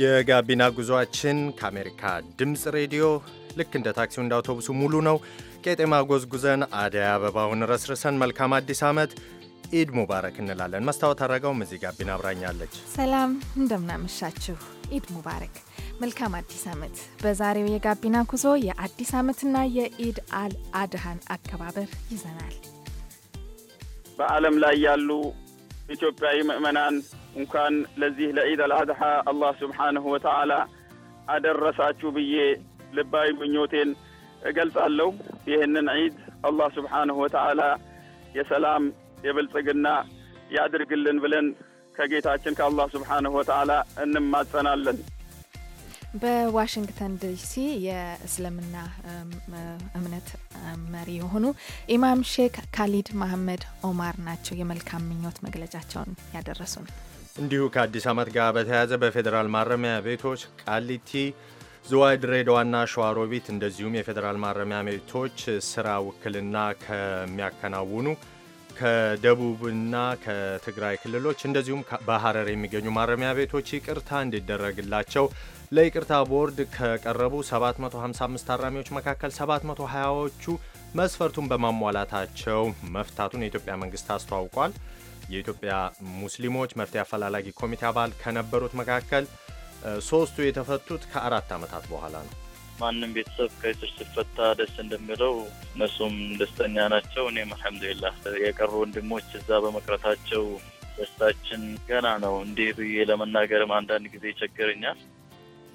የጋቢና ጉዞአችን ከአሜሪካ ድምፅ ሬዲዮ ልክ እንደ ታክሲው እንደ አውቶቡሱ ሙሉ ነው። ቄጤማ ጎዝጉዘን አደይ አበባውን ረስርሰን መልካም አዲስ ዓመት ኢድ ሙባረክ እንላለን። መስታወት አረጋውም እዚህ ጋቢና አብራኛለች። ሰላም እንደምናመሻችሁ። ኢድ ሙባረክ፣ መልካም አዲስ ዓመት። በዛሬው የጋቢና ጉዞ የአዲስ ዓመትና የኢድ አል አድሃን አከባበር ይዘናል። በዓለም ላይ ያሉ ኢትዮጵያዊ ምእመናን እንኳን ለዚህ ለኢድ አልአድሓ አላህ ስብሓንሁ ወተዓላ አደረሳችሁ ብዬ ልባዊ ምኞቴን እገልጻለሁ። ይህንን ዒድ አላህ ስብሓንሁ ወተዓላ የሰላም የብልጽግና ያድርግልን ብለን ከጌታችን ከአላህ ስብሓንሁ ወተዓላ እንማጸናለን። በዋሽንግተን ዲሲ የእስልምና እምነት መሪ የሆኑ ኢማም ሼክ ካሊድ መሐመድ ኦማር ናቸው የመልካም ምኞት መግለጫቸውን ያደረሱን። እንዲሁ ከአዲስ ዓመት ጋር በተያያዘ በፌዴራል ማረሚያ ቤቶች ቃሊቲ፣ ዝዋይ፣ ድሬዳዋና ሸዋሮቢት እንደዚሁም የፌዴራል ማረሚያ ቤቶች ስራ ውክልና ከሚያከናውኑ ከደቡብና ከትግራይ ክልሎች እንደዚሁም በሐረር የሚገኙ ማረሚያ ቤቶች ይቅርታ እንዲደረግላቸው ለይቅርታ ቦርድ ከቀረቡ 755 ታራሚዎች መካከል 720ዎቹ መስፈርቱን በማሟላታቸው መፍታቱን የኢትዮጵያ መንግስት አስተዋውቋል። የኢትዮጵያ ሙስሊሞች መፍትሄ አፈላላጊ ኮሚቴ አባል ከነበሩት መካከል ሶስቱ የተፈቱት ከአራት ዓመታት በኋላ ነው። ማንም ቤተሰብ ከእስር ሲፈታ ደስ እንደሚለው እነሱም ደስተኛ ናቸው። እኔም አልሐምዱሊላህ የቀሩ ወንድሞች እዛ በመቅረታቸው ደስታችን ገና ነው። እንዲህ ብዬ ለመናገርም አንዳንድ ጊዜ ይቸግረኛል።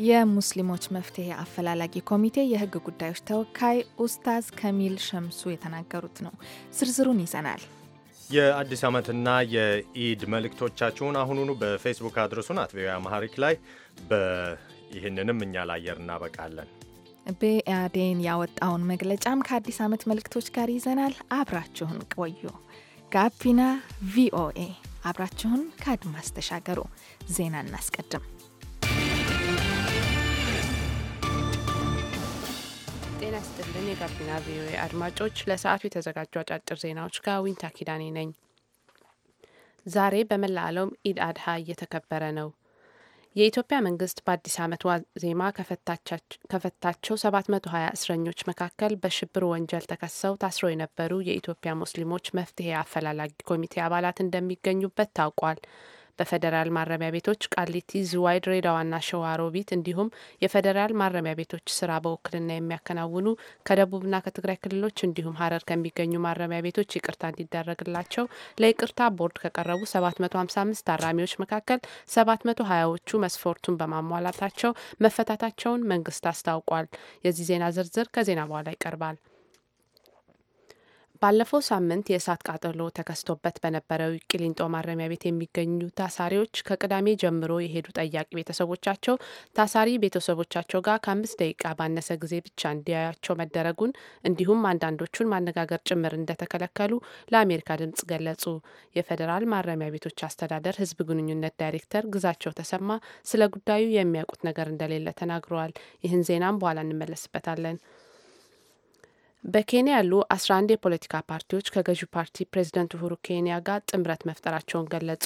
የሙስሊሞች መፍትሄ አፈላላጊ ኮሚቴ የህግ ጉዳዮች ተወካይ ኡስታዝ ከሚል ሸምሱ የተናገሩት ነው። ዝርዝሩን ይዘናል። የአዲስ ዓመትና የኢድ መልእክቶቻችሁን አሁኑኑ በፌስቡክ አድርሱን አትቪ አማሐሪክ ላይ ይህንንም እኛ ላየር እናበቃለን። ብአዴን ያወጣውን መግለጫም ከአዲስ ዓመት መልእክቶች ጋር ይዘናል። አብራችሁን ቆዩ። ጋቢና ቪኦኤ አብራችሁን ከአድማስ ተሻገሩ። ዜና እናስቀድም። ይስጥልን የጋቢና ቪኦኤ አድማጮች፣ ለሰዓቱ የተዘጋጁ አጫጭር ዜናዎች ጋር ዊንታ ኪዳኔ ነኝ። ዛሬ በመላ ዓለም ኢድ አድሃ እየተከበረ ነው። የኢትዮጵያ መንግስት በአዲስ ዓመት ዋዜማ ከፈታቸው 720 እስረኞች መካከል በሽብር ወንጀል ተከሰው ታስረው የነበሩ የኢትዮጵያ ሙስሊሞች መፍትሄ አፈላላጊ ኮሚቴ አባላት እንደሚገኙበት ታውቋል። በፌዴራል ማረሚያ ቤቶች ቃሊቲ፣ ዝዋይ፣ ድሬዳዋና ሸዋሮቢት እንዲሁም የፌዴራል ማረሚያ ቤቶች ስራ በውክልና የሚያከናውኑ ከደቡብና ከትግራይ ክልሎች እንዲሁም ሀረር ከሚገኙ ማረሚያ ቤቶች ይቅርታ እንዲደረግላቸው ለይቅርታ ቦርድ ከቀረቡ 755 ታራሚዎች መካከል 720ዎቹ መስፈርቱን በማሟላታቸው መፈታታቸውን መንግስት አስታውቋል። የዚህ ዜና ዝርዝር ከዜና በኋላ ይቀርባል። ባለፈው ሳምንት የእሳት ቃጠሎ ተከስቶበት በነበረው ቅሊንጦ ማረሚያ ቤት የሚገኙ ታሳሪዎች ከቅዳሜ ጀምሮ የሄዱ ጠያቂ ቤተሰቦቻቸው ታሳሪ ቤተሰቦቻቸው ጋር ከአምስት ደቂቃ ባነሰ ጊዜ ብቻ እንዲያያቸው መደረጉን እንዲሁም አንዳንዶቹን ማነጋገር ጭምር እንደተከለከሉ ለአሜሪካ ድምጽ ገለጹ። የፌዴራል ማረሚያ ቤቶች አስተዳደር ሕዝብ ግንኙነት ዳይሬክተር ግዛቸው ተሰማ ስለ ጉዳዩ የሚያውቁት ነገር እንደሌለ ተናግረዋል። ይህን ዜናም በኋላ እንመለስበታለን። በኬንያ ያሉ አስራ የፖለቲካ ፓርቲዎች ከገዢው ፓርቲ ፕሬዚደንት ሁሩ ኬንያ ጋር ጥምረት መፍጠራቸውን ገለጹ።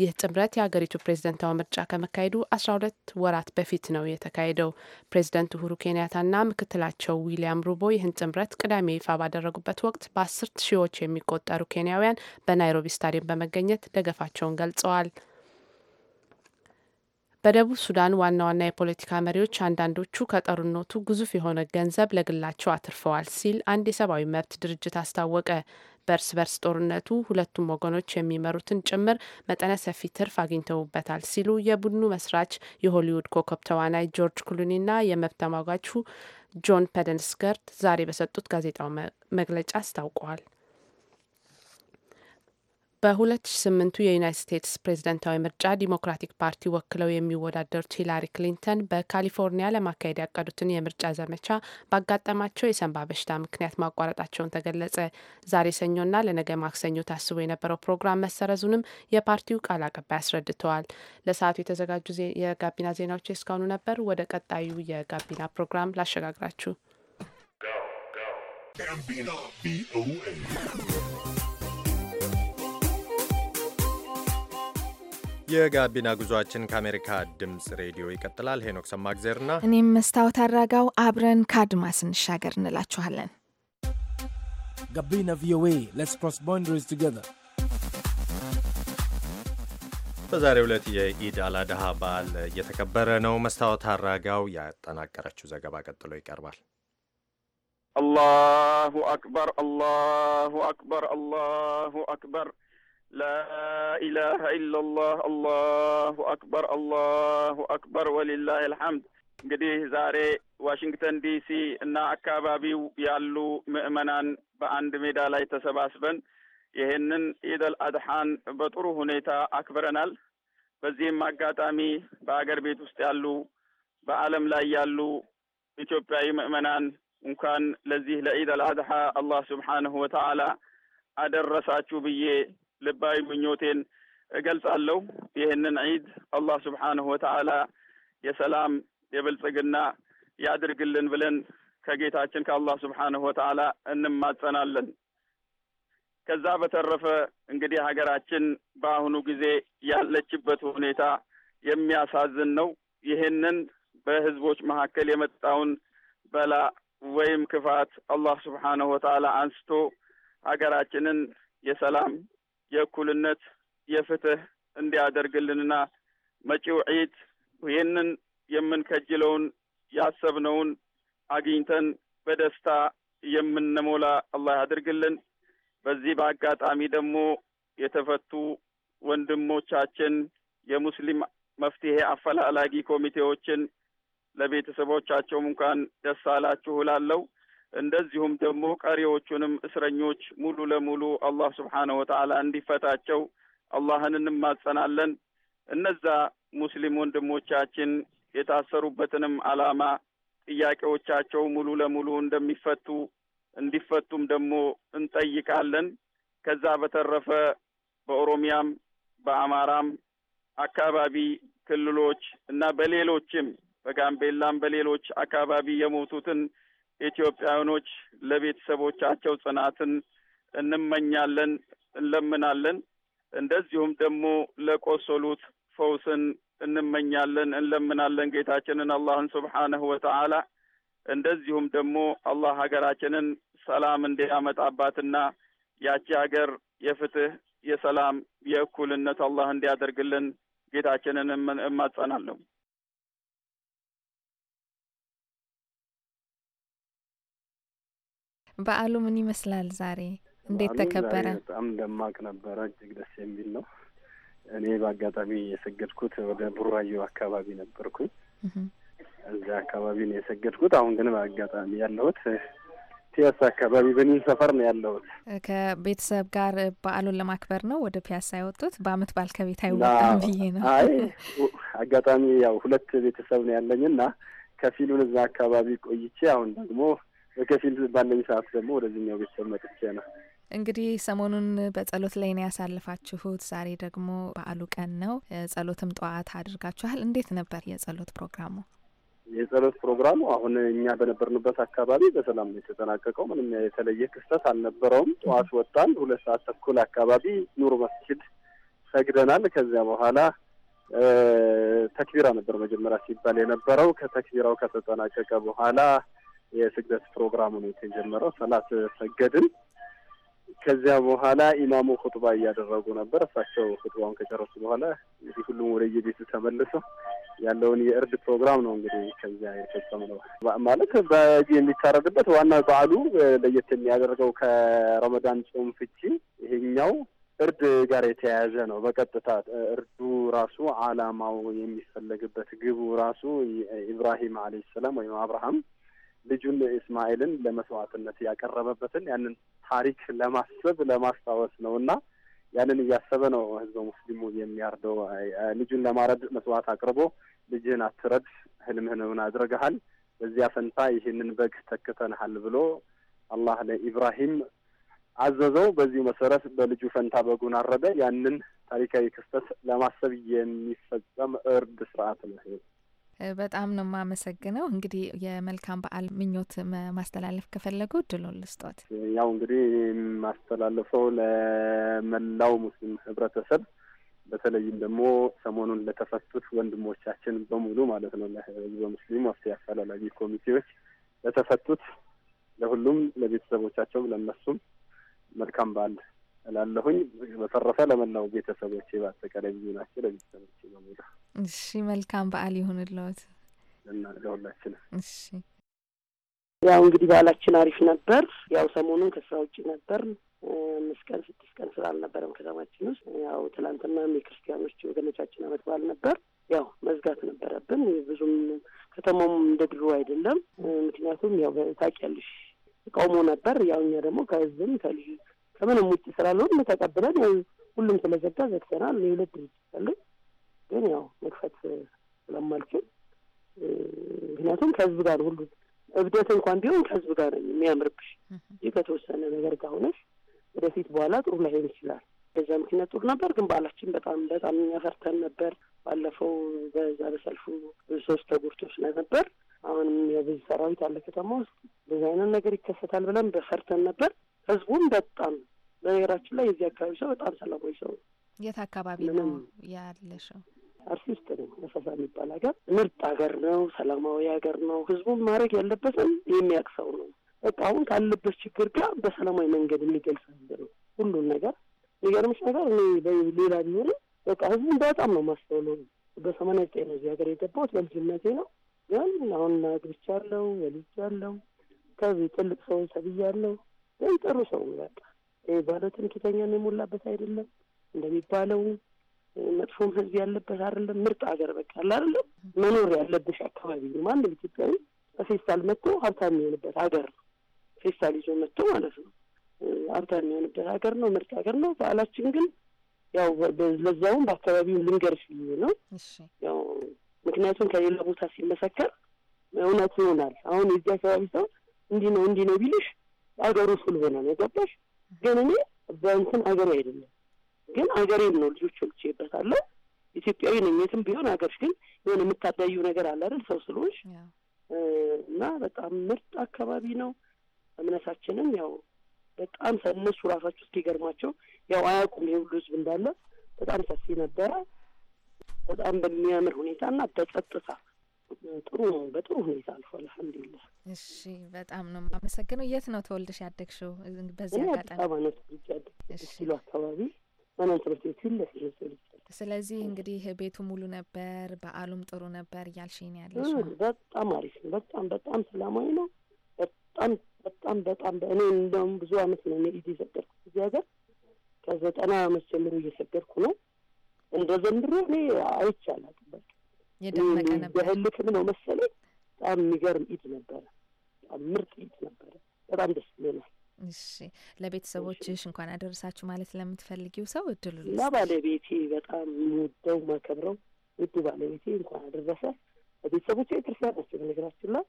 ይህ ጥምረት የሀገሪቱ ፕሬዚደንታዊ ምርጫ ከመካሄዱ 12 ወራት በፊት ነው የተካሄደው። ፕሬዚደንት ሁሩ ኬንያታና ምክትላቸው ዊሊያም ሩቦ ይህን ጥምረት ቅዳሜ ይፋ ባደረጉበት ወቅት በአስርት ሺዎች የሚቆጠሩ ኬንያውያን በናይሮቢ ስታዲየም በመገኘት ደገፋቸውን ገልጸዋል። በደቡብ ሱዳን ዋና ዋና የፖለቲካ መሪዎች አንዳንዶቹ ከጦርነቱ ግዙፍ የሆነ ገንዘብ ለግላቸው አትርፈዋል ሲል አንድ የሰብአዊ መብት ድርጅት አስታወቀ። በእርስ በርስ ጦርነቱ ሁለቱም ወገኖች የሚመሩትን ጭምር መጠነ ሰፊ ትርፍ አግኝተውበታል ሲሉ የቡድኑ መስራች የሆሊውድ ኮከብ ተዋናይ ጆርጅ ክሉኒና የመብት ተሟጋቹ ጆን ፔደንስገርት ዛሬ በሰጡት ጋዜጣዊ መግለጫ አስታውቀዋል። በ2008 የዩናይት ስቴትስ ፕሬዝደንታዊ ምርጫ ዲሞክራቲክ ፓርቲ ወክለው የሚወዳደሩት ሂላሪ ክሊንተን በካሊፎርኒያ ለማካሄድ ያቀዱትን የምርጫ ዘመቻ ባጋጠማቸው የሰንባ በሽታ ምክንያት ማቋረጣቸውን ተገለጸ። ዛሬ ሰኞና ለነገ ማክሰኞ ታስቦ የነበረው ፕሮግራም መሰረዙንም የፓርቲው ቃል አቀባይ አስረድተዋል። ለሰዓቱ የተዘጋጁ የጋቢና ዜናዎች እስካሁኑ ነበር። ወደ ቀጣዩ የጋቢና ፕሮግራም ላሸጋግራችሁ። የጋቢና ጉዟችን ከአሜሪካ ድምፅ ሬዲዮ ይቀጥላል። ሄኖክ ሰማግዜርና እኔም መስታወት አድራጋው አብረን ከአድማስ እንሻገር እንላችኋለን። ጋቢና ቪኦኤ ሌትስ ክሮስ ቦንደሪስ ቱጌዘር። በዛሬው ዕለት የኢድ አላድሃ በዓል እየተከበረ ነው። መስታወት አድራጋው ያጠናቀረችው ዘገባ ቀጥሎ ይቀርባል። አላሁ አክበር አላሁ አክበር አላሁ አክበር لا إله إلا الله الله أكبر الله أكبر ولله الحمد እንግዲህ ዛሬ ዋሽንግተን ዲሲ እና አካባቢው ያሉ ምዕመናን በአንድ ሜዳ ላይ ተሰባስበን ይህንን ኢደል አድሓን በጥሩ ሁኔታ አክብረናል። በዚህም አጋጣሚ በአገር ቤት ውስጥ ያሉ በአለም ላይ ያሉ ኢትዮጵያዊ ምዕመናን እንኳን ለዚህ ለኢደል አድሓ አላህ ሱብሓነሁ ወተዓላ አደረሳችሁ ብዬ ልባዊ ምኞቴን እገልጻለሁ። ይህንን ዒድ አላህ ስብሓንሁ ወተዓላ የሰላም የብልጽግና ያድርግልን ብለን ከጌታችን ከአላህ ስብሓንሁ ወተዓላ እንማጸናለን። ከዛ በተረፈ እንግዲህ ሀገራችን በአሁኑ ጊዜ ያለችበት ሁኔታ የሚያሳዝን ነው። ይህንን በህዝቦች መካከል የመጣውን በላ ወይም ክፋት አላህ ስብሓንሁ ወተዓላ አንስቶ ሀገራችንን የሰላም የእኩልነት የፍትህ እንዲያደርግልንና መጪው ዒድ ይህንን የምንከጅለውን ያሰብነውን አግኝተን በደስታ የምንሞላ አላህ ያድርግልን። በዚህ በአጋጣሚ ደግሞ የተፈቱ ወንድሞቻችን የሙስሊም መፍትሄ አፈላላጊ ኮሚቴዎችን ለቤተሰቦቻቸውም እንኳን ደስ አላችሁ እላለሁ። እንደዚሁም ደግሞ ቀሪዎቹንም እስረኞች ሙሉ ለሙሉ አላህ ስብሓነ ወተዓላ እንዲፈታቸው አላህን እንማጸናለን። እነዛ ሙስሊም ወንድሞቻችን የታሰሩበትንም ዓላማ ጥያቄዎቻቸው ሙሉ ለሙሉ እንደሚፈቱ እንዲፈቱም ደግሞ እንጠይቃለን። ከዛ በተረፈ በኦሮሚያም በአማራም አካባቢ ክልሎች እና በሌሎችም በጋምቤላም በሌሎች አካባቢ የሞቱትን ኢትዮጵያውያኖች ለቤተሰቦቻቸው ጽናትን እንመኛለን፣ እንለምናለን። እንደዚሁም ደግሞ ለቆሰሉት ፈውስን እንመኛለን፣ እንለምናለን ጌታችንን አላህን ስብሓነሁ ወተዓላ። እንደዚሁም ደግሞ አላህ ሀገራችንን ሰላም እንዲያመጣባትና ያቺ ሀገር የፍትህ፣ የሰላም፣ የእኩልነት አላህ እንዲያደርግልን ጌታችንን እማጸናለሁ። በዓሉ ምን ይመስላል ዛሬ? እንዴት ተከበረ? በጣም ደማቅ ነበረ። እጅግ ደስ የሚል ነው። እኔ በአጋጣሚ የሰገድኩት ወደ ቡራዩ አካባቢ ነበርኩኝ። እዚያ አካባቢ ነው የሰገድኩት። አሁን ግን በአጋጣሚ ያለሁት ፒያሳ አካባቢ በኒን ሰፈር ነው ያለሁት። ከቤተሰብ ጋር በዓሉን ለማክበር ነው ወደ ፒያሳ የወጡት። በአመት በዓል ከቤት አይወጣም ብዬ ነው። አይ አጋጣሚ ያው ሁለት ቤተሰብ ነው ያለኝ እና ከፊሉን እዛ አካባቢ ቆይቼ አሁን ደግሞ ከፊል ባለኝ ሰዓት ደግሞ ወደዚህኛው ቤተሰብ መጥቼ ነው። እንግዲህ ሰሞኑን በጸሎት ላይ ነው ያሳልፋችሁት። ዛሬ ደግሞ በዓሉ ቀን ነው። ጸሎትም ጠዋት አድርጋችኋል። እንዴት ነበር የጸሎት ፕሮግራሙ? የጸሎት ፕሮግራሙ አሁን እኛ በነበርንበት አካባቢ በሰላም ነው የተጠናቀቀው። ምንም የተለየ ክስተት አልነበረውም። ጠዋት ወጣን፣ ሁለት ሰዓት ተኩል አካባቢ ኑር መስጊድ ሰግደናል። ከዚያ በኋላ ተክቢራ ነበር መጀመሪያ ሲባል የነበረው። ከተክቢራው ከተጠናቀቀ በኋላ የስግደት ፕሮግራሙ ነው የተጀመረው። ሰላት ሰገድን። ከዚያ በኋላ ኢማሙ ሁጥባ እያደረጉ ነበር። እሳቸው ሁጥባውን ከጨረሱ በኋላ እንግዲህ ሁሉም ወደ የቤቱ ተመልሶ ያለውን የእርድ ፕሮግራም ነው እንግዲህ ከዚያ ነው ማለት በግ የሚታረድበት ዋና በዓሉ ለየት የሚያደርገው ከረመዳን ጾም ፍቺ ይሄኛው እርድ ጋር የተያያዘ ነው። በቀጥታ እርዱ ራሱ አላማው የሚፈለግበት ግቡ ራሱ ኢብራሂም አለይሂ ሰላም ወይም አብርሃም ልጁን እስማኤልን ለመስዋዕትነት ያቀረበበትን ያንን ታሪክ ለማሰብ ለማስታወስ ነው እና ያንን እያሰበ ነው ህዝበ ሙስሊሙ የሚያርደው። ልጁን ለማረድ መስዋዕት አቅርቦ ልጅህን አትረድ፣ ህልምህን አድርገሃል፣ በዚያ ፈንታ ይህንን በግ ተክተንሃል ብሎ አላህ ለኢብራሂም አዘዘው። በዚሁ መሰረት በልጁ ፈንታ በጉን አረደ። ያንን ታሪካዊ ክስተት ለማሰብ የሚፈጸም እርድ ስርዓት ነው። በጣም ነው የማመሰግነው። እንግዲህ የመልካም በዓል ምኞት ማስተላለፍ ከፈለጉ ድሎን ልስጦት። ያው እንግዲህ የማስተላለፈው ለመላው ሙስሊም ህብረተሰብ በተለይም ደግሞ ሰሞኑን ለተፈቱት ወንድሞቻችን በሙሉ ማለት ነው ለህዝበ ሙስሊሙ መፍትሄ አፈላላጊ ኮሚቴዎች ለተፈቱት ለሁሉም ለቤተሰቦቻቸውም ለነሱም መልካም በዓል እላለሁኝ። በተረፈ ለመላው ቤተሰቦቼ በአጠቃላይ ብዙ ናቸው ለቤተሰቦቼ በሙሉ እሺ፣ መልካም በዓል ይሁንልዎት እና እሺ፣ ያው እንግዲህ በዓላችን አሪፍ ነበር። ያው ሰሞኑን ከስራ ውጭ ነበር። አምስት ቀን ስድስት ቀን ስራ አልነበረም ከተማችን ውስጥ። ያው ትላንትና የክርስቲያኖች ወገኖቻችን አመት በዓል ነበር። ያው መዝጋት ነበረብን። ብዙም ከተማውም እንደ ድሮ አይደለም። ምክንያቱም ያው ታውቂያለሽ ተቃውሞ ነበር። ያው እኛ ደግሞ ከህዝብም ከልዩ ከምንም ውጭ ስላልሆን ተቀብለን ሁሉም ስለዘጋ ዘግተናል። የሁለት ድርጅት አለን ግን ያው መክፈት ስለማልችል ምክንያቱም ከህዝብ ጋር ሁሉ እብደት እንኳን ቢሆን ከህዝብ ጋር ነው የሚያምርብሽ እ ከተወሰነ ነገር ጋር ሆነሽ ወደፊት በኋላ ጥሩ ላይሆን ይችላል። በዛ ምክንያት ጥሩ ነበር፣ ግን በዓላችን በጣም በጣም የሚያፈርተን ነበር። ባለፈው በዛ በሰልፉ ብዙ ሰዎች ተጎድቶ ስለነበር አሁንም የብዙ ሰራዊት አለ ከተማ ውስጥ ብዙ አይነት ነገር ይከሰታል ብለን በፈርተን ነበር። ህዝቡም በጣም በነገራችን ላይ የዚህ አካባቢ ሰው በጣም ሰላማዊ ሰው የት አካባቢ ነው ያለሽው? አርቲስት ነኝ። አሰሳ የሚባል ሀገር ምርጥ ሀገር ነው። ሰላማዊ ሀገር ነው። ህዝቡን ማድረግ ያለበትን የሚያቅሰው ነው። በቃ አሁን ካለበት ችግር ጋር በሰላማዊ መንገድ የሚገልጽ ህዝብ ነው። ሁሉን ነገር የሚገርምሽ ነገር እኔ ሌላ ቢሆንም በቃ ህዝቡን በጣም ነው ማስተውለው። በሰማንያ ዘጠኝ ነው እዚህ ሀገር የገባሁት በልጅነቴ ነው። ግን አሁን አግብቻለሁ፣ ወልጃለሁ፣ ከዚህ ትልቅ ሰው ሰብያለሁ። ግን ጥሩ ሰው በቃ ባለ ትምክህተኛ የሞላበት አይደለም እንደሚባለው መጥፎም ህዝብ ያለበት አይደለም። ምርጥ ሀገር በቃ አለ አይደለም መኖር ያለብሽ አካባቢ ነው። ማንም ኢትዮጵያዊ በፌስታል መጥቶ ሀብታም የሚሆንበት ሀገር ነው። ፌስታል ይዞ መጥቶ ማለት ነው ሀብታም የሚሆንበት ሀገር ነው። ምርጥ ሀገር ነው። በዓላችን ግን ያው ለዛውም በአካባቢው ልንገርሽ ብዬ ነው። ያው ምክንያቱም ከሌላ ቦታ ሲመሰከር እውነት ይሆናል። አሁን የዚህ አካባቢ ሰው እንዲህ ነው እንዲህ ነው ቢልሽ አገሩ ስለሆነ ነው። ገባሽ? ግን እኔ በእንትን ሀገሩ አይደለም ግን ሀገሬን ነው ልጆች ወልቼበታለሁ። ኢትዮጵያዊ ነኝ የትም ቢሆን ሀገርሽ ግን የሆነ የምታዳዩ ነገር አለ አይደል ሰው ስሎች እና በጣም ምርጥ አካባቢ ነው። እምነታችንም ያው በጣም እነሱ ራሳቸው እስኪገርማቸው ያው አያውቁም የሁሉ ህዝብ እንዳለ በጣም ሰፊ ነበረ። በጣም በሚያምር ሁኔታ እና በጸጥታ ጥሩ በጥሩ ሁኔታ አልፎ አልሐምዱሊላህ። እሺ፣ በጣም ነው የማመሰግነው። የት ነው ተወልደሽ ያደግሽው? በዚህ አጋጣሚ ሀይማኖት ያደግ ሲሉ አካባቢ ዋናው ትምህርት ቤቱ ይለስ ስለዚህ እንግዲህ ቤቱ ሙሉ ነበር፣ በዓሉም ጥሩ ነበር እያልሽኝ ያለሽ። በጣም አሪፍ ነው። በጣም በጣም ሰላማዊ ነው። በጣም በጣም በጣም እኔ እንደውም ብዙ አመት ነው እኔ ኢድ የሰገድኩት እዚህ ሀገር ከዘጠና አመት ጀምሮ እየሰገድኩ ነው። እንደ ዘንድሮ እኔ አይቼ አላውቅም። በቃ የደመቀ ነበር። በህልክም ነው መሰለኝ። በጣም የሚገርም ኢድ ነበረ። በጣም ምርጥ ኢድ ነበረ። በጣም ደስ ይለናል። እሺ ለቤተሰቦችሽ እንኳን አደረሳችሁ ማለት ለምትፈልጊው ሰው እድሉ እና ባለቤቴ በጣም የምወደው ማከብረው ውዱ ባለቤቴ እንኳን አደረሰ። ለቤተሰቦቼ ክርስቲያን ናቸው በነገራችን ና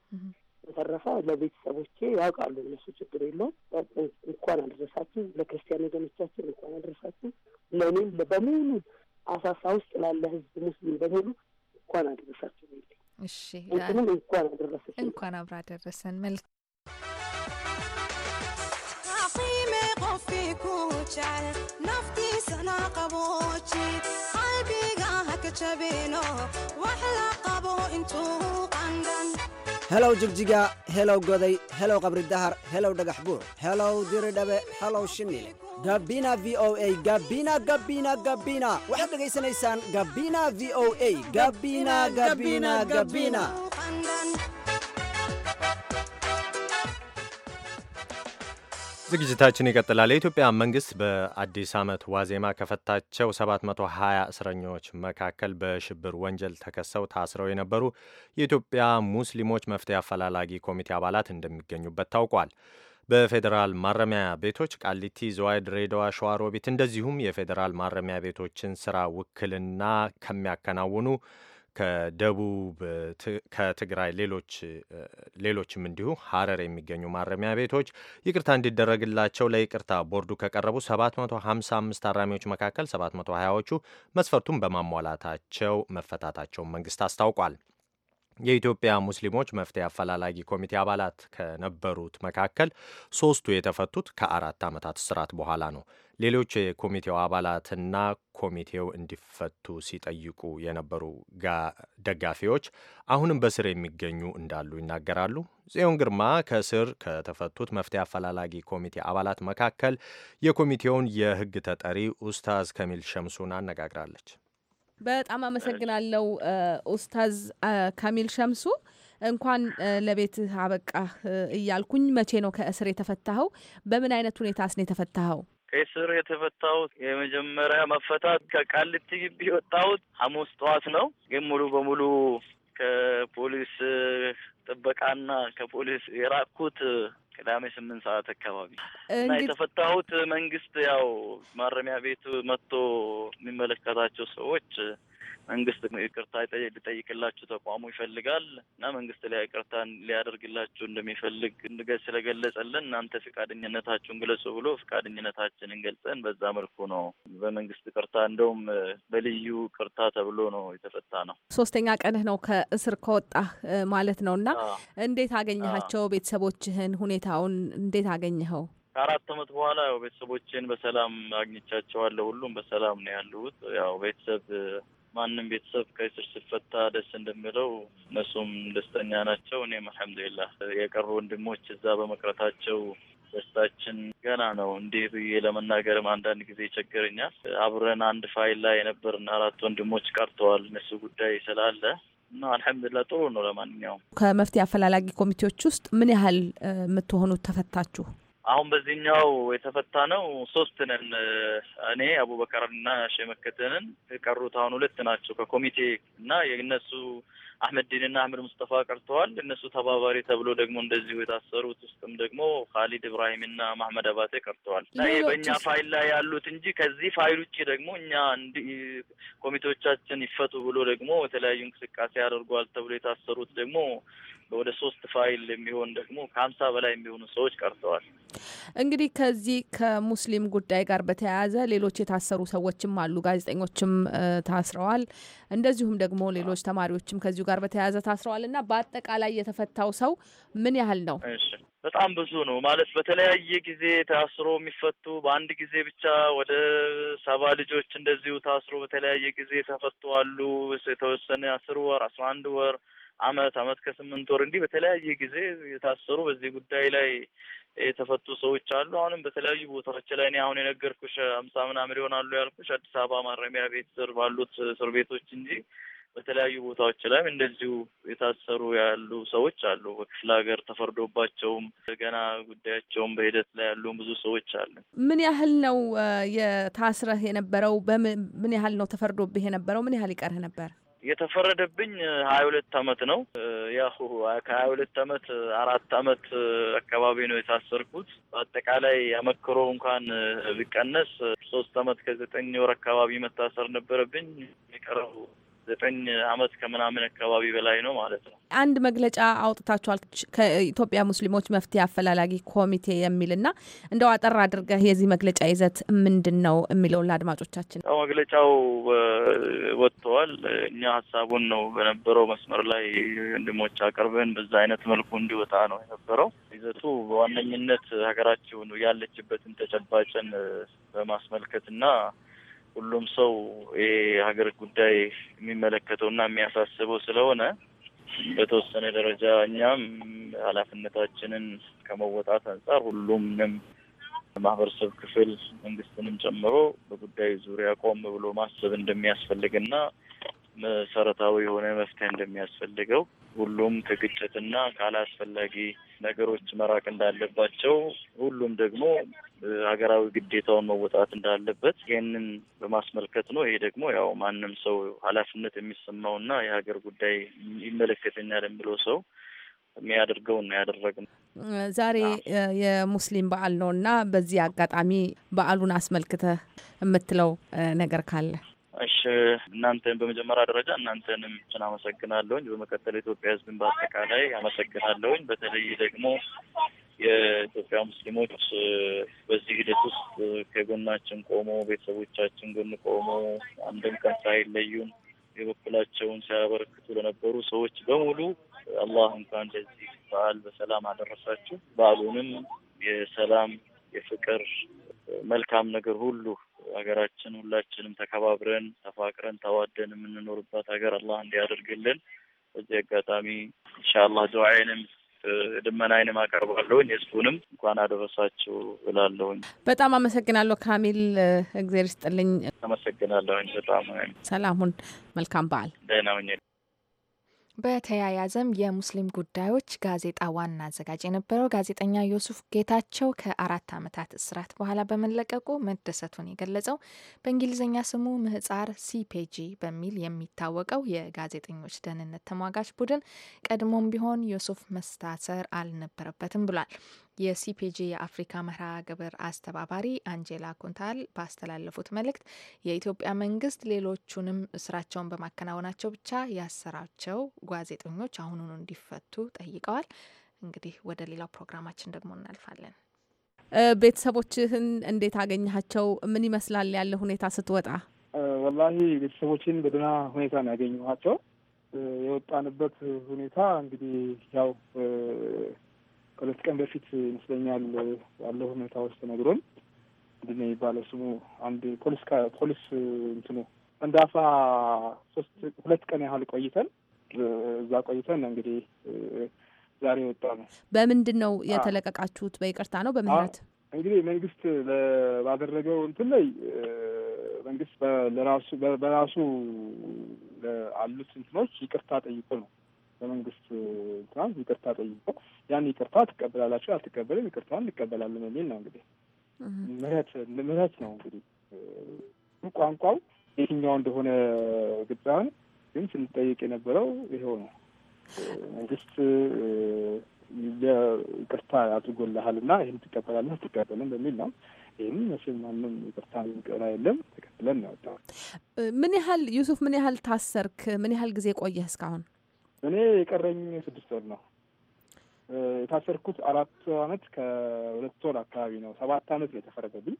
በተረፈ ለቤተሰቦቼ ያውቃሉ እነሱ ችግር የለውም። እንኳን አደረሳችሁ። ለክርስቲያን ወገኖቻችን እንኳን አደረሳችሁ። ለእኔም በሙሉ አሳሳ ውስጥ ላለ ህዝብ ሙስሊም በሙሉ እንኳን አደረሳችሁ። እሺ እንኳን አደረሰ። እንኳን አብራ አደረሰን። መልክ naftiisana qabooji qalbiga ha ka jabino wax la qabo intuu qandhan helow jigjiga helow goday helow qabri dahar helow dhagax buuc helow diridhabe helow shimil gabina v o a gabina gabina gabina waxaad dhegaysanaysaan gabina v o a gabina gabina gabina ዝግጅታችን ይቀጥላል። የኢትዮጵያ መንግስት በአዲስ ዓመት ዋዜማ ከፈታቸው 720 እስረኞች መካከል በሽብር ወንጀል ተከሰው ታስረው የነበሩ የኢትዮጵያ ሙስሊሞች መፍትሄ አፈላላጊ ኮሚቴ አባላት እንደሚገኙበት ታውቋል። በፌዴራል ማረሚያ ቤቶች ቃሊቲ፣ ሬዳዋ ድሬዳዋ፣ ሸዋሮቢት እንደዚሁም የፌዴራል ማረሚያ ቤቶችን ስራ ውክልና ከሚያከናውኑ ከደቡብ ከትግራይ ሌሎች ሌሎችም እንዲሁ ሀረር የሚገኙ ማረሚያ ቤቶች ይቅርታ እንዲደረግላቸው ለይቅርታ ቦርዱ ከቀረቡ 755 አራሚዎች መካከል 720ዎቹ መስፈርቱን በማሟላታቸው መፈታታቸውን መንግስት አስታውቋል። የኢትዮጵያ ሙስሊሞች መፍትሄ አፈላላጊ ኮሚቴ አባላት ከነበሩት መካከል ሶስቱ የተፈቱት ከአራት ዓመታት እስራት በኋላ ነው። ሌሎች የኮሚቴው አባላትና ኮሚቴው እንዲፈቱ ሲጠይቁ የነበሩ ደጋፊዎች አሁንም በስር የሚገኙ እንዳሉ ይናገራሉ። ጽዮን ግርማ ከስር ከተፈቱት መፍትሄ አፈላላጊ ኮሚቴ አባላት መካከል የኮሚቴውን የሕግ ተጠሪ ኡስታዝ ከሚል ሸምሱን አነጋግራለች። በጣም አመሰግናለው ኡስታዝ ካሚል ሸምሱ። እንኳን ለቤት አበቃህ እያልኩኝ መቼ ነው ከእስር የተፈታኸው? በምን አይነት ሁኔታስ ነው የተፈታኸው? ከእስር የተፈታሁት የመጀመሪያ መፈታት ከቃሊቲ ግቢ የወጣሁት ሐሙስ ጠዋት ነው። ግን ሙሉ በሙሉ ከፖሊስ ጥበቃና ከፖሊስ የራቅኩት ቅዳሜ ስምንት ሰዓት አካባቢ እና የተፈታሁት መንግስት ያው ማረሚያ ቤት መጥቶ የሚመለከታቸው ሰዎች መንግስት ይቅርታ ሊጠይቅላችሁ ተቋሙ ይፈልጋል እና መንግስት ላይ ይቅርታ ሊያደርግላችሁ እንደሚፈልግ እንድገ ስለገለጸልን እናንተ ፍቃደኝነታችሁን ግለጹ ብሎ ፍቃደኝነታችንን ገልጸን በዛ መልኩ ነው በመንግስት ቅርታ እንደውም በልዩ ቅርታ ተብሎ ነው የተፈታ ነው። ሶስተኛ ቀንህ ነው ከእስር ከወጣህ ማለት ነው እና እንዴት አገኘሃቸው ቤተሰቦችህን? ሁኔታውን እንዴት አገኘኸው? ከአራት አመት በኋላ ያው ቤተሰቦቼን በሰላም አግኝቻቸዋለሁ። ሁሉም በሰላም ነው ያሉት። ያው ቤተሰብ ማንም ቤተሰብ ከእስር ሲፈታ ደስ እንደሚለው እነሱም ደስተኛ ናቸው። እኔም አልሐምዱሊላህ የቀሩ ወንድሞች እዛ በመቅረታቸው ደስታችን ገና ነው። እንዲህ ብዬ ለመናገርም አንዳንድ ጊዜ ይቸግረኛል። አብረን አንድ ፋይል ላይ የነበርን አራት ወንድሞች ቀርተዋል። እነሱ ጉዳይ ስላለ እና አልሐምዱሊላህ ጥሩ ነው። ለማንኛውም ከመፍትሄ አፈላላጊ ኮሚቴዎች ውስጥ ምን ያህል የምትሆኑት ተፈታችሁ? አሁን በዚህኛው የተፈታ ነው ሶስት ነን። እኔ አቡበከርና ሸመከተንን የቀሩት አሁን ሁለት ናቸው ከኮሚቴ እና የእነሱ አህመድዲንና አህመድ ሙስጠፋ ቀርተዋል። እነሱ ተባባሪ ተብሎ ደግሞ እንደዚሁ የታሰሩት ውስጥም ደግሞ ካሊድ ኢብራሂምና ማህመድ አባቴ ቀርተዋል። በእኛ ፋይል ላይ ያሉት እንጂ ከዚህ ፋይል ውጭ ደግሞ እኛ ኮሚቴዎቻችን ይፈቱ ብሎ ደግሞ የተለያዩ እንቅስቃሴ ያደርጓል ተብሎ የታሰሩት ደግሞ ወደ ሶስት ፋይል የሚሆን ደግሞ ከሀምሳ በላይ የሚሆኑ ሰዎች ቀርተዋል። እንግዲህ ከዚህ ከሙስሊም ጉዳይ ጋር በተያያዘ ሌሎች የታሰሩ ሰዎችም አሉ። ጋዜጠኞችም ታስረዋል። እንደዚሁም ደግሞ ሌሎች ተማሪዎችም ከዚሁ ጋር በተያያዘ ታስረዋል እና በአጠቃላይ የተፈታው ሰው ምን ያህል ነው? በጣም ብዙ ነው ማለት በተለያየ ጊዜ ታስሮ የሚፈቱ በአንድ ጊዜ ብቻ ወደ ሰባ ልጆች እንደዚሁ ታስሮ በተለያየ ጊዜ ተፈቱ አሉ። የተወሰነ አስር ወር አስራ አንድ ወር አመት አመት ከስምንት ወር እንዲህ በተለያየ ጊዜ የታሰሩ በዚህ ጉዳይ ላይ የተፈቱ ሰዎች አሉ። አሁንም በተለያዩ ቦታዎች ላይ እኔ አሁን የነገርኩሽ አምሳ ምናምን ይሆናሉ ያልኩሽ አዲስ አበባ ማረሚያ ቤት ስር ባሉት እስር ቤቶች እንጂ በተለያዩ ቦታዎች ላይም እንደዚሁ የታሰሩ ያሉ ሰዎች አሉ። በክፍለ ሀገር ተፈርዶባቸውም ገና ጉዳያቸውም በሂደት ላይ ያሉ ብዙ ሰዎች አሉ። ምን ያህል ነው የታስረህ የነበረው? በምን ያህል ነው ተፈርዶብህ የነበረው? ምን ያህል ይቀርህ ነበር? የተፈረደብኝ ሀያ ሁለት አመት ነው። ያው ከሀያ ሁለት አመት አራት አመት አካባቢ ነው የታሰርኩት። በአጠቃላይ አመክሮ እንኳን ቢቀነስ ሶስት አመት ከዘጠኝ ወር አካባቢ መታሰር ነበረብኝ የቀረው ዘጠኝ አመት ከምናምን አካባቢ በላይ ነው ማለት ነው። አንድ መግለጫ አውጥታችኋል ከኢትዮጵያ ሙስሊሞች መፍትሄ አፈላላጊ ኮሚቴ የሚልና እንደው አጠር አድርገህ የዚህ መግለጫ ይዘት ምንድን ነው የሚለውን ለአድማጮቻችን። መግለጫው ወጥተዋል። እኛ ሀሳቡን ነው በነበረው መስመር ላይ ወንድሞች አቅርበን በዛ አይነት መልኩ እንዲወጣ ነው የነበረው። ይዘቱ በዋነኝነት ሀገራችን ያለችበትን ተጨባጭን በማስመልከት እና ሁሉም ሰው የሀገር ጉዳይ የሚመለከተውና የሚያሳስበው ስለሆነ በተወሰነ ደረጃ እኛም ኃላፊነታችንን ከመወጣት አንጻር ሁሉምንም ማህበረሰብ ክፍል መንግስትንም ጨምሮ በጉዳዩ ዙሪያ ቆም ብሎ ማሰብ እንደሚያስፈልግና መሰረታዊ የሆነ መፍትሄ እንደሚያስፈልገው ሁሉም ከግጭትና ካላስፈላጊ ነገሮች መራቅ እንዳለባቸው ሁሉም ደግሞ ሀገራዊ ግዴታውን መወጣት እንዳለበት ይህንን በማስመልከት ነው። ይሄ ደግሞ ያው ማንም ሰው ኃላፊነት የሚሰማውና የሀገር ጉዳይ ይመለከተኛል የሚለው ሰው የሚያደርገው እና ነው። ዛሬ የሙስሊም በዓል ነው እና በዚህ አጋጣሚ በዓሉን አስመልክተህ የምትለው ነገር ካለ እሺ እናንተን በመጀመሪያ ደረጃ እናንተንም ችን አመሰግናለሁኝ። በመቀጠል የኢትዮጵያ ሕዝብን በአጠቃላይ አመሰግናለሁኝ። በተለይ ደግሞ የኢትዮጵያ ሙስሊሞች በዚህ ሂደት ውስጥ ከጎናችን ቆሞ ቤተሰቦቻችን ጎን ቆሞ አንድም ቀን ሳይለዩን የበኩላቸውን ሲያበረክቱ ለነበሩ ሰዎች በሙሉ አላህ እንኳን ለዚህ በዓል በሰላም አደረሳችሁ። በዓሉንም የሰላም የፍቅር መልካም ነገር ሁሉ ሀገራችን ሁላችንም ተከባብረን ተፋቅረን ተዋደን የምንኖርባት ሀገር አላህ እንዲያደርግልን በዚህ አጋጣሚ ኢንሻአላህ ዱዓዬንም ልመናዬንም አቀርባለሁኝ። የእሱንም እንኳን አደረሳችሁ እላለሁኝ። በጣም አመሰግናለሁ ካሚል፣ እግዜር ይስጥልኝ። አመሰግናለሁኝ። በጣም ሰላሙን መልካም በዓል ደህና ሁኝ። በተያያዘም የሙስሊም ጉዳዮች ጋዜጣ ዋና አዘጋጅ የነበረው ጋዜጠኛ ዮሱፍ ጌታቸው ከአራት ዓመታት እስራት በኋላ በመለቀቁ መደሰቱን የገለጸው በእንግሊዝኛ ስሙ ምህጻር ሲፔጂ በሚል የሚታወቀው የጋዜጠኞች ደህንነት ተሟጋች ቡድን ቀድሞም ቢሆን ዮሱፍ መስታሰር አልነበረበትም ብሏል። የሲፒጂ የአፍሪካ መርሃ ግብር አስተባባሪ አንጄላ ኩንታል ባስተላለፉት መልእክት የኢትዮጵያ መንግስት ሌሎቹንም ስራቸውን በማከናወናቸው ብቻ ያሰራቸው ጋዜጠኞች አሁኑኑ እንዲፈቱ ጠይቀዋል። እንግዲህ ወደ ሌላው ፕሮግራማችን ደግሞ እናልፋለን። ቤተሰቦችህን እንዴት አገኘሃቸው? ምን ይመስላል ያለ ሁኔታ ስትወጣ? ወላሂ ቤተሰቦችን በደህና ሁኔታ ነው ያገኘኋቸው። የወጣንበት ሁኔታ እንግዲህ ያው ከሁለት ቀን በፊት ይመስለኛል ያለው ሁኔታዎች ተነግሮን ምንድን ነው የሚባለው ስሙ አንድ ፖሊስ ፖሊስ እንትኑ አንዳፋ ሶስት ሁለት ቀን ያህል ቆይተን እዛ ቆይተን እንግዲህ ዛሬ ወጣ ነው። በምንድን ነው የተለቀቃችሁት? በይቅርታ ነው በምህረት እንግዲህ መንግስት ባደረገው እንትን ላይ መንግስት በራሱ በራሱ አሉት እንትኖች ይቅርታ ጠይቆ ነው በመንግስት ትናንት ይቅርታ ጠይቆ ያን ይቅርታ ትቀበላላችሁ፣ አልትቀበልም ይቅርታን እንቀበላለን የሚል ነው። እንግዲህ ምህረት ምህረት ነው እንግዲህ ቋንቋው የትኛው እንደሆነ ግብፃውያን ግን ስንጠይቅ የነበረው ይኸው ነው። መንግስት ይቅርታ አድርጎልሃል እና ይህን ትቀበላለህ አትቀበልም በሚል ነው። ይህም መቼም ማንም ይቅርታ የሚቀና የለም። ተቀብለን ያወጣ ምን ያህል ዩሱፍ፣ ምን ያህል ታሰርክ? ምን ያህል ጊዜ ቆየህ እስካሁን? እኔ የቀረኝ ስድስት ወር ነው። የታሰርኩት አራት አመት ከሁለት ወር አካባቢ ነው። ሰባት አመት ነው የተፈረደብኝ።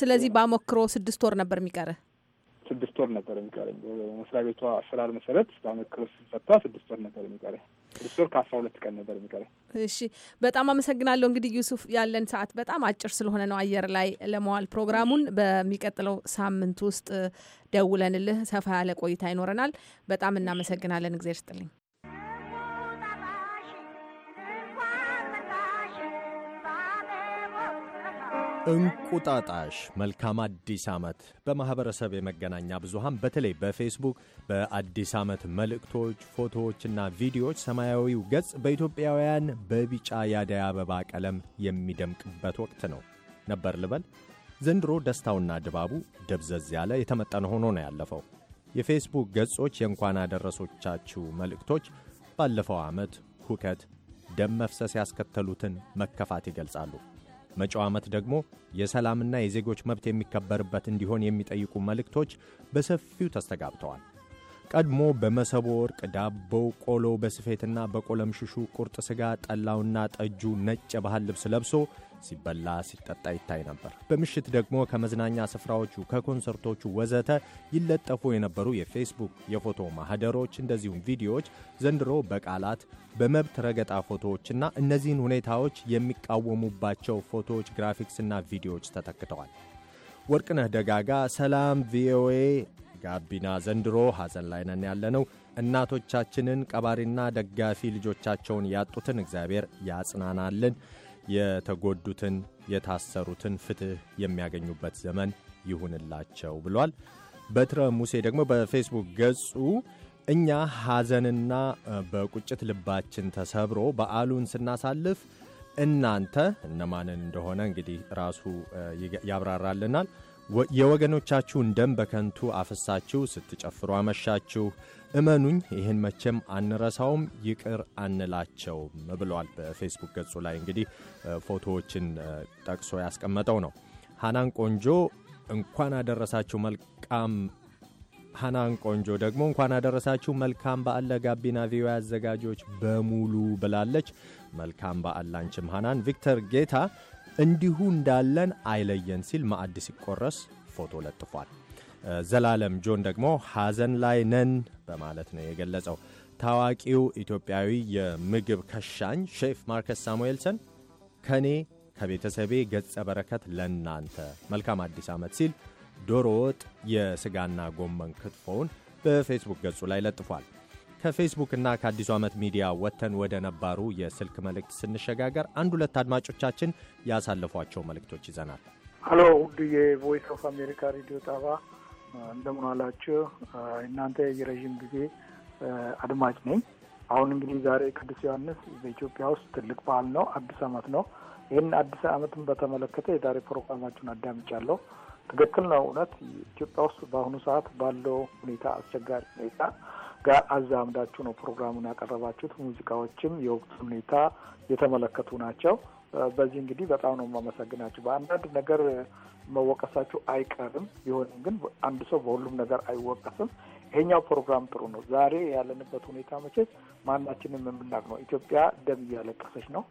ስለዚህ በአሞክሮ ስድስት ወር ነበር የሚቀርህ ስድስት ወር ነበር የሚቀረኝ በመስሪያ ቤቷ አሰራር መሰረት በአመት ክሎስ ሲፈታ ስድስት ወር ነበር የሚቀረኝ። ስድስት ወር ከአስራ ሁለት ቀን ነበር የሚቀረኝ። እሺ፣ በጣም አመሰግናለሁ። እንግዲህ ዩሱፍ፣ ያለን ሰዓት በጣም አጭር ስለሆነ ነው አየር ላይ ለመዋል ፕሮግራሙን በሚቀጥለው ሳምንት ውስጥ ደውለንልህ ሰፋ ያለ ቆይታ ይኖረናል። በጣም እናመሰግናለን። እግዜር ስጥልኝ። እንቁጣጣሽ መልካም አዲስ ዓመት። በማኅበረሰብ የመገናኛ ብዙሃን በተለይ በፌስቡክ በአዲስ ዓመት መልእክቶች፣ ፎቶዎችና ቪዲዮዎች ሰማያዊው ገጽ በኢትዮጵያውያን በቢጫ የአደይ አበባ ቀለም የሚደምቅበት ወቅት ነው ነበር ልበል። ዘንድሮ ደስታውና ድባቡ ደብዘዝ ያለ የተመጠነ ሆኖ ነው ያለፈው። የፌስቡክ ገጾች የእንኳን አደረሶቻችሁ መልእክቶች ባለፈው ዓመት ሁከት፣ ደም መፍሰስ ያስከተሉትን መከፋት ይገልጻሉ። መጪው ዓመት ደግሞ የሰላምና የዜጎች መብት የሚከበርበት እንዲሆን የሚጠይቁ መልእክቶች በሰፊው ተስተጋብተዋል። ቀድሞ በመሰቦ ወርቅ፣ ዳቦው፣ ቆሎ በስፌትና በቆለምሽሹ ቁርጥ ሥጋ፣ ጠላውና ጠጁ ነጭ የባህል ልብስ ለብሶ ሲበላ ሲጠጣ ይታይ ነበር። በምሽት ደግሞ ከመዝናኛ ስፍራዎቹ፣ ከኮንሰርቶቹ ወዘተ ይለጠፉ የነበሩ የፌስቡክ የፎቶ ማህደሮች እንደዚሁም ቪዲዮዎች ዘንድሮ በቃላት በመብት ረገጣ ፎቶዎችና እነዚህን ሁኔታዎች የሚቃወሙባቸው ፎቶዎች፣ ግራፊክስና ቪዲዮዎች ተተክተዋል። ወርቅነህ ደጋጋ ሰላም ቪኦኤ ጋቢና ዘንድሮ ሐዘን ላይ ነን ያለነው እናቶቻችንን ቀባሪና ደጋፊ ልጆቻቸውን ያጡትን እግዚአብሔር ያጽናናልን የተጎዱትን የታሰሩትን ፍትህ የሚያገኙበት ዘመን ይሁንላቸው ብሏል። በትረ ሙሴ ደግሞ በፌስቡክ ገጹ እኛ ሐዘንና በቁጭት ልባችን ተሰብሮ በዓሉን ስናሳልፍ እናንተ እነማንን እንደሆነ እንግዲህ ራሱ ያብራራልናል የወገኖቻችሁን ደም በከንቱ አፍሳችሁ ስትጨፍሩ አመሻችሁ። እመኑኝ ይህን መቼም አንረሳውም፣ ይቅር አንላቸውም ብሏል። በፌስቡክ ገጹ ላይ እንግዲህ ፎቶዎችን ጠቅሶ ያስቀመጠው ነው። ሃናን ቆንጆ እንኳን አደረሳችሁ መልካም ሃናን ቆንጆ ደግሞ እንኳን አደረሳችሁ መልካም በዓል ለጋቢና ቪዮ አዘጋጆች በሙሉ ብላለች። መልካም በዓል ላንችም ሀናን። ቪክተር ጌታ እንዲሁ እንዳለን አይለየን ሲል ማዕድ ሲቆረስ ፎቶ ለጥፏል። ዘላለም ጆን ደግሞ ሐዘን ላይ ነን በማለት ነው የገለጸው። ታዋቂው ኢትዮጵያዊ የምግብ ከሻኝ ሼፍ ማርከስ ሳሙኤልሰን ከኔ ከቤተሰቤ ገጸ በረከት ለናንተ መልካም አዲስ ዓመት ሲል ዶሮ ወጥ፣ የሥጋና ጎመን ክትፎውን በፌስቡክ ገጹ ላይ ለጥፏል። ከፌስቡክ እና ከአዲሱ ዓመት ሚዲያ ወጥተን ወደ ነባሩ የስልክ መልእክት ስንሸጋገር አንድ ሁለት አድማጮቻችን ያሳለፏቸው መልእክቶች ይዘናል። ሀሎ ውድ የቮይስ ኦፍ አሜሪካ ሬዲዮ ጣባ እንደምን አላችሁ? እናንተ የረዥም ጊዜ አድማጭ ነኝ። አሁን እንግዲህ ዛሬ ቅዱስ ዮሐንስ በኢትዮጵያ ውስጥ ትልቅ በዓል ነው፣ አዲስ ዓመት ነው። ይህን አዲስ ዓመትን በተመለከተ የዛሬ ፕሮግራማችሁን አዳምጫለሁ። ትክክል ነው። እውነት ኢትዮጵያ ውስጥ በአሁኑ ሰዓት ባለው ሁኔታ አስቸጋሪ ሁኔታ ጋር አዛምዳችሁ ነው ፕሮግራሙን ያቀረባችሁት። ሙዚቃዎችም የወቅቱ ሁኔታ የተመለከቱ ናቸው። በዚህ እንግዲህ በጣም ነው የማመሰግናችሁ። በአንዳንድ ነገር መወቀሳችሁ አይቀርም። ቢሆንም ግን አንድ ሰው በሁሉም ነገር አይወቀስም። ይሄኛው ፕሮግራም ጥሩ ነው። ዛሬ ያለንበት ሁኔታ መቼት ማናችንም የምናቅ ነው። ኢትዮጵያ ደም እያለቀሰች ነው።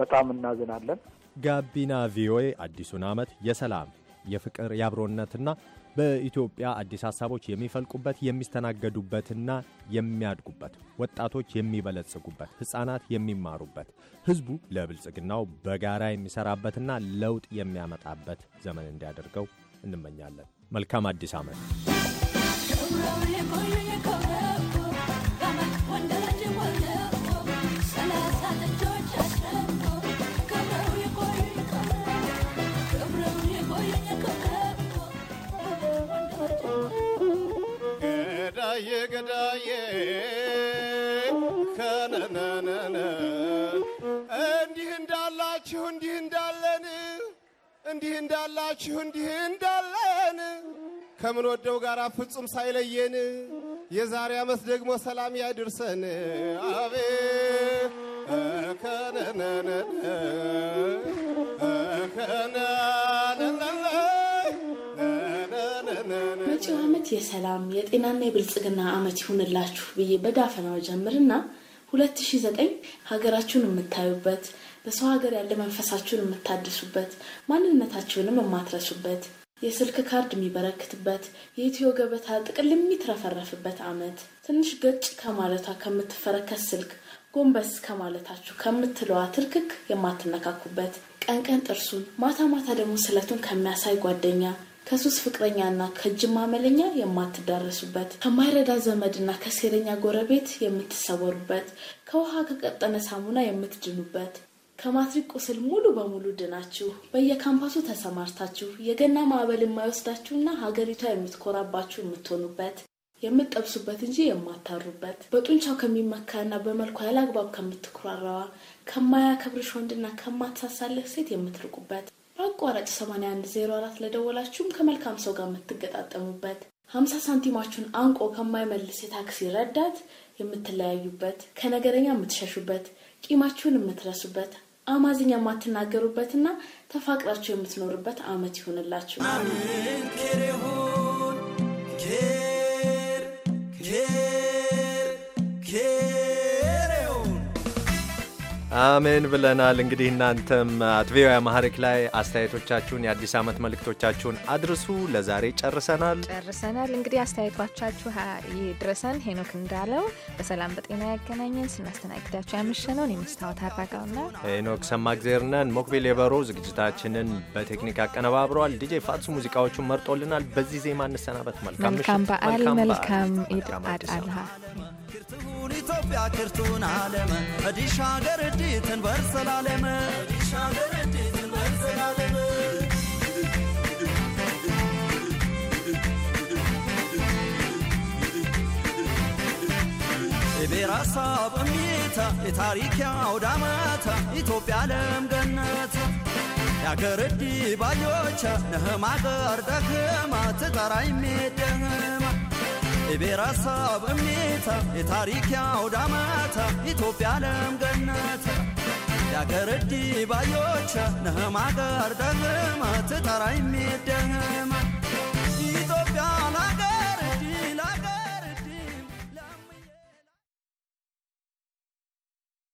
በጣም እናዝናለን። ጋቢና ቪኦኤ አዲሱን ዓመት የሰላም የፍቅር፣ የአብሮነትና በኢትዮጵያ አዲስ ሀሳቦች የሚፈልቁበት የሚስተናገዱበትና የሚያድጉበት፣ ወጣቶች የሚበለጽጉበት፣ ሕፃናት የሚማሩበት፣ ሕዝቡ ለብልጽግናው በጋራ የሚሰራበትና ለውጥ የሚያመጣበት ዘመን እንዲያደርገው እንመኛለን። መልካም አዲስ ዓመት። እንግዳዬ ከነነነነ እንዲህ እንዳላችሁ እንዲህ እንዳለን እንዲህ እንዳላችሁ እንዲህ እንዳለን ከምን ወደው ጋር ፍጹም ሳይለየን የዛሬ ዓመት ደግሞ ሰላም ያድርሰን አቤ ከነነነነ የሰላም የጤናና የብልጽግና አመት ይሁንላችሁ ብዬ በዳፈናው ጀምርና 2009 ሀገራችሁን የምታዩበት በሰው ሀገር ያለ መንፈሳችሁን የምታድሱበት ማንነታችሁንም የማትረሱበት የስልክ ካርድ የሚበረክትበት የኢትዮ ገበታ ጥቅል የሚትረፈረፍበት አመት ትንሽ ገጭ ከማለቷ ከምትፈረከስ ስልክ ጎንበስ ከማለታችሁ ከምትለዋ ትርክክ የማትነካኩበት ቀን ቀን ጥርሱን ማታ ማታ ደግሞ ስለቱን ከሚያሳይ ጓደኛ ከሱስ ፍቅረኛና ከጅማ መለኛ የማትዳረሱበት ከማይረዳ ዘመድና ከሴረኛ ጎረቤት የምትሰወሩበት ከውሃ ከቀጠነ ሳሙና የምትድኑበት ከማትሪክ ቁስል ሙሉ በሙሉ ድናችሁ በየካምፓሱ ተሰማርታችሁ የገና ማዕበል የማይወስዳችሁና ሀገሪቷ የምትኮራባችሁ የምትሆኑበት የምትጠብሱበት እንጂ የማታሩበት በጡንቻው ከሚመካና በመልኩ ያለ አግባብ ከምትኩራራዋ ከማያከብርሽ ወንድና ከማትሳሳለህ ሴት የምትርቁበት በአቋራጭ 8104 ለደወላችሁም ከመልካም ሰው ጋር የምትገጣጠሙበት 50 ሳንቲማችሁን አንቆ ከማይመልስ የታክሲ ረዳት የምትለያዩበት፣ ከነገረኛ የምትሸሹበት፣ ቂማችሁን የምትረሱበት፣ አማዝኛ የማትናገሩበትና ተፋቅራችሁ የምትኖሩበት አመት ይሁንላችሁ። አሜን ብለናል። እንግዲህ እናንተም አትቪዮ ቪኦኤ አማሪክ ላይ አስተያየቶቻችሁን የአዲስ ዓመት መልእክቶቻችሁን አድርሱ። ለዛሬ ጨርሰናል ጨርሰናል። እንግዲህ አስተያየቶቻችሁ ይድረሰን። ሄኖክ እንዳለው በሰላም በጤና ያገናኘን። ስናስተናግዳችሁ ያመሸነውን የመስታወት አድራጋውና ሄኖክ ሰማ ሰማግዜርነን ሞክቤል የበሮ ዝግጅታችንን በቴክኒክ አቀነባብረዋል። ዲጄ ፋትሱ ሙዚቃዎቹን መርጦልናል። በዚህ ዜማ እንሰናበት። መልካም መልካም በዓል መልካም ኢድ አድ አልሃ ኢትዮጵያ ክርቱን አለመ እዲሽ ሀገር እድትን ትንበር ስላለመ የብሔር ሀሳብ እምቢታ የታሪክ አውዳመታ ኢትዮጵያ ዓለም ገነት የአገር እድ ባዮቻ ነህማገር ደክማ ትጠራ ይሜደህን የብሔረሰብ እሜታ የታሪክ ያውዳማታ ኢትዮጵያ ለም ገነታ ያገረዲ ባዮቻ ነህማ ጋር ደግማ ትጠራ የሚደህማ